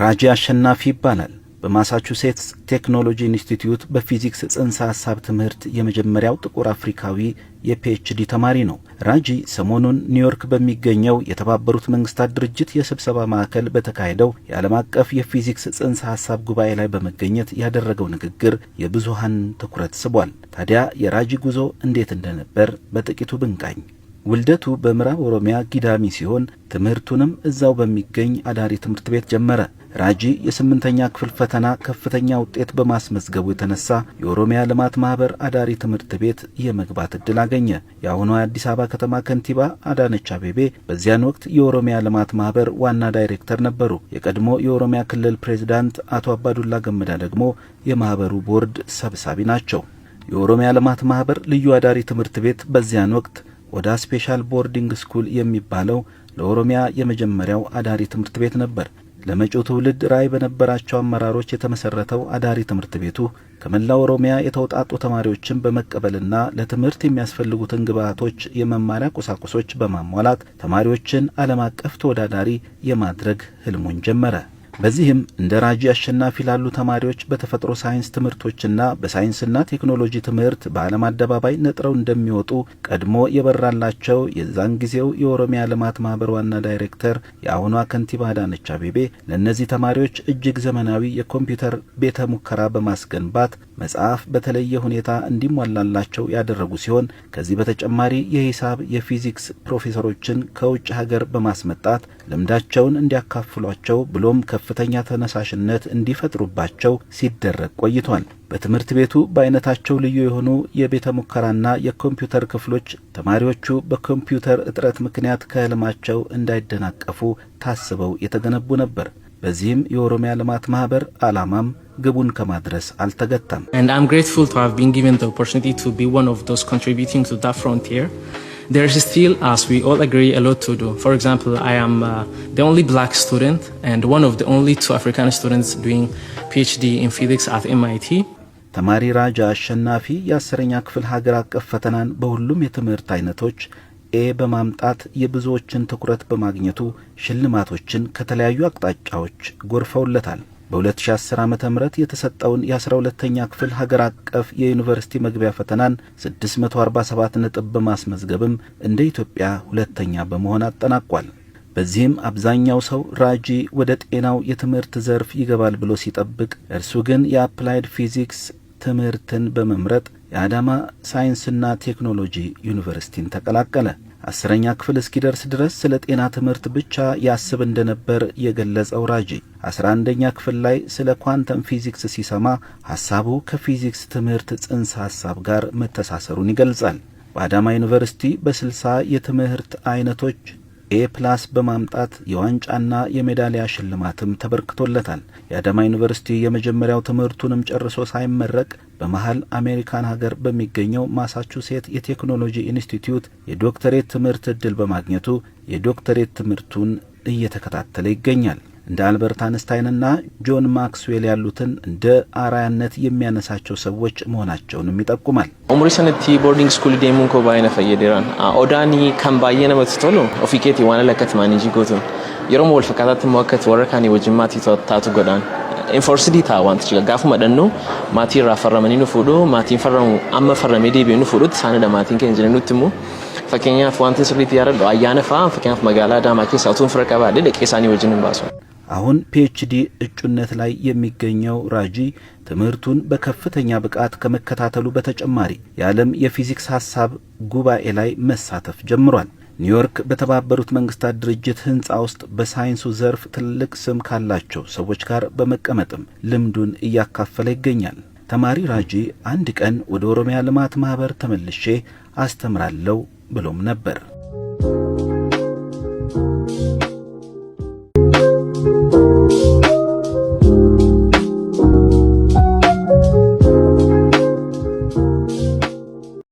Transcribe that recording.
ራጂ አሸናፊ ይባላል። በማሳቹሴትስ ቴክኖሎጂ ኢንስቲትዩት በፊዚክስ ጽንሰ ሀሳብ ትምህርት የመጀመሪያው ጥቁር አፍሪካዊ የፒኤችዲ ተማሪ ነው። ራጂ ሰሞኑን ኒውዮርክ በሚገኘው የተባበሩት መንግስታት ድርጅት የስብሰባ ማዕከል በተካሄደው የዓለም አቀፍ የፊዚክስ ጽንሰ ሀሳብ ጉባኤ ላይ በመገኘት ያደረገው ንግግር የብዙሃን ትኩረት ስቧል። ታዲያ የራጂ ጉዞ እንዴት እንደነበር በጥቂቱ ብንቃኝ። ውልደቱ በምዕራብ ኦሮሚያ ጊዳሚ ሲሆን ትምህርቱንም እዛው በሚገኝ አዳሪ ትምህርት ቤት ጀመረ። ራጂ የስምንተኛ ክፍል ፈተና ከፍተኛ ውጤት በማስመዝገቡ የተነሳ የኦሮሚያ ልማት ማህበር አዳሪ ትምህርት ቤት የመግባት እድል አገኘ። የአሁኗ የአዲስ አበባ ከተማ ከንቲባ አዳነች አቤቤ በዚያን ወቅት የኦሮሚያ ልማት ማህበር ዋና ዳይሬክተር ነበሩ። የቀድሞ የኦሮሚያ ክልል ፕሬዚዳንት አቶ አባዱላ ገመዳ ደግሞ የማህበሩ ቦርድ ሰብሳቢ ናቸው። የኦሮሚያ ልማት ማህበር ልዩ አዳሪ ትምህርት ቤት በዚያን ወቅት ኦዳ ስፔሻል ቦርዲንግ ስኩል የሚባለው ለኦሮሚያ የመጀመሪያው አዳሪ ትምህርት ቤት ነበር። ለመጪው ትውልድ ራዕይ በነበራቸው አመራሮች የተመሰረተው አዳሪ ትምህርት ቤቱ ከመላ ኦሮሚያ የተውጣጡ ተማሪዎችን በመቀበልና ለትምህርት የሚያስፈልጉትን ግብዓቶች፣ የመማሪያ ቁሳቁሶች በማሟላት ተማሪዎችን ዓለም አቀፍ ተወዳዳሪ የማድረግ ህልሙን ጀመረ። በዚህም እንደ ራጂ አሸናፊ ላሉ ተማሪዎች በተፈጥሮ ሳይንስ ትምህርቶችና በሳይንስና ቴክኖሎጂ ትምህርት በዓለም አደባባይ ነጥረው እንደሚወጡ ቀድሞ የበራላቸው የዛን ጊዜው የኦሮሚያ ልማት ማህበር ዋና ዳይሬክተር የአሁኗ ከንቲባ አዳነች አቤቤ ለእነዚህ ተማሪዎች እጅግ ዘመናዊ የኮምፒውተር ቤተ ሙከራ በማስገንባት መጽሐፍ በተለየ ሁኔታ እንዲሟላላቸው ያደረጉ ሲሆን ከዚህ በተጨማሪ የሂሳብ፣ የፊዚክስ ፕሮፌሰሮችን ከውጭ ሀገር በማስመጣት ልምዳቸውን እንዲያካፍሏቸው ብሎም ከፍተኛ ተነሳሽነት እንዲፈጥሩባቸው ሲደረግ ቆይቷል። በትምህርት ቤቱ በአይነታቸው ልዩ የሆኑ የቤተ ሙከራና የኮምፒውተር ክፍሎች ተማሪዎቹ በኮምፒውተር እጥረት ምክንያት ከህልማቸው እንዳይደናቀፉ ታስበው የተገነቡ ነበር። በዚህም የኦሮሚያ ልማት ማህበር ዓላማም ግቡን ከማድረስ አልተገታም። there is still, as we all agree, a lot to do. For example, I am uh, the only black student and one of the only two African students doing PhD in physics at MIT. ተማሪ ራጃ አሸናፊ የአስረኛ ክፍል ሀገር አቀፍ ፈተናን በሁሉም የትምህርት አይነቶች ኤ በማምጣት የብዙዎችን ትኩረት በማግኘቱ ሽልማቶችን ከተለያዩ አቅጣጫዎች ጎርፈውለታል። በ2010 ዓ ም የተሰጠውን የ12ተኛ ክፍል ሀገር አቀፍ የዩኒቨርሲቲ መግቢያ ፈተናን 647 ነጥብ በማስመዝገብም እንደ ኢትዮጵያ ሁለተኛ በመሆን አጠናቋል። በዚህም አብዛኛው ሰው ራጂ ወደ ጤናው የትምህርት ዘርፍ ይገባል ብሎ ሲጠብቅ፣ እርሱ ግን የአፕላይድ ፊዚክስ ትምህርትን በመምረጥ የአዳማ ሳይንስና ቴክኖሎጂ ዩኒቨርሲቲን ተቀላቀለ። አስረኛ ክፍል እስኪደርስ ድረስ ስለ ጤና ትምህርት ብቻ ያስብ እንደነበር የገለጸው ራጂ አስራ አንደኛ ክፍል ላይ ስለ ኳንተም ፊዚክስ ሲሰማ ሐሳቡ ከፊዚክስ ትምህርት ጽንሰ ሐሳብ ጋር መተሳሰሩን ይገልጻል። በአዳማ ዩኒቨርሲቲ በስልሳ የትምህርት አይነቶች ኤ ፕላስ በማምጣት የዋንጫና የሜዳሊያ ሽልማትም ተበርክቶለታል። የአዳማ ዩኒቨርሲቲ የመጀመሪያው ትምህርቱንም ጨርሶ ሳይመረቅ በመሀል አሜሪካን ሀገር በሚገኘው ማሳቹሴት የቴክኖሎጂ ኢንስቲትዩት የዶክተሬት ትምህርት እድል በማግኘቱ የዶክተሬት ትምህርቱን እየተከታተለ ይገኛል። እንደ አልበርት አንስታይንና ጆን ማክስዌል ያሉትን እንደ አራያነት የሚያነሳቸው ሰዎች መሆናቸውንም ይጠቁማል። ኦሙሪሰነቲ ቦርዲንግ ስኩል ዴሙንኮ ባይነ ኦዳኒ ከምባየነ መትቶሎ ኦፊኬት የዋነ ለከት ማኒጂ ጎቱን የሮሞ ወልፈቃታት መወከት ወረካን የወጅማት ይተወታቱ ጎዳን ኢንፎርሲቲ ታዋንት ችግር ጋፉ መደኑ ማቲ ፈረመኒ ኑ ፉዶ ማቲ ፈረሙ አመ ፈረመ ዲቢ ፉዶ ሳነ ለማቲ ከን ጀነኑ ፈከኛ ፍዋንት ስሪት ያረዶ አያነፋ ፈከኛ ፍ መጋላ ዳማቲ ሳቱን ፍረቀባ ለቄሳኒ ወጅንም ባሶ አሁን ፒኤችዲ እጩነት ላይ የሚገኘው ራጂ ትምህርቱን በከፍተኛ ብቃት ከመከታተሉ በተጨማሪ የዓለም የፊዚክስ ሐሳብ ጉባኤ ላይ መሳተፍ ጀምሯል። ኒውዮርክ በተባበሩት መንግስታት ድርጅት ህንፃ ውስጥ በሳይንሱ ዘርፍ ትልቅ ስም ካላቸው ሰዎች ጋር በመቀመጥም ልምዱን እያካፈለ ይገኛል። ተማሪ ራጂ አንድ ቀን ወደ ኦሮሚያ ልማት ማህበር ተመልሼ አስተምራለሁ ብሎም ነበር።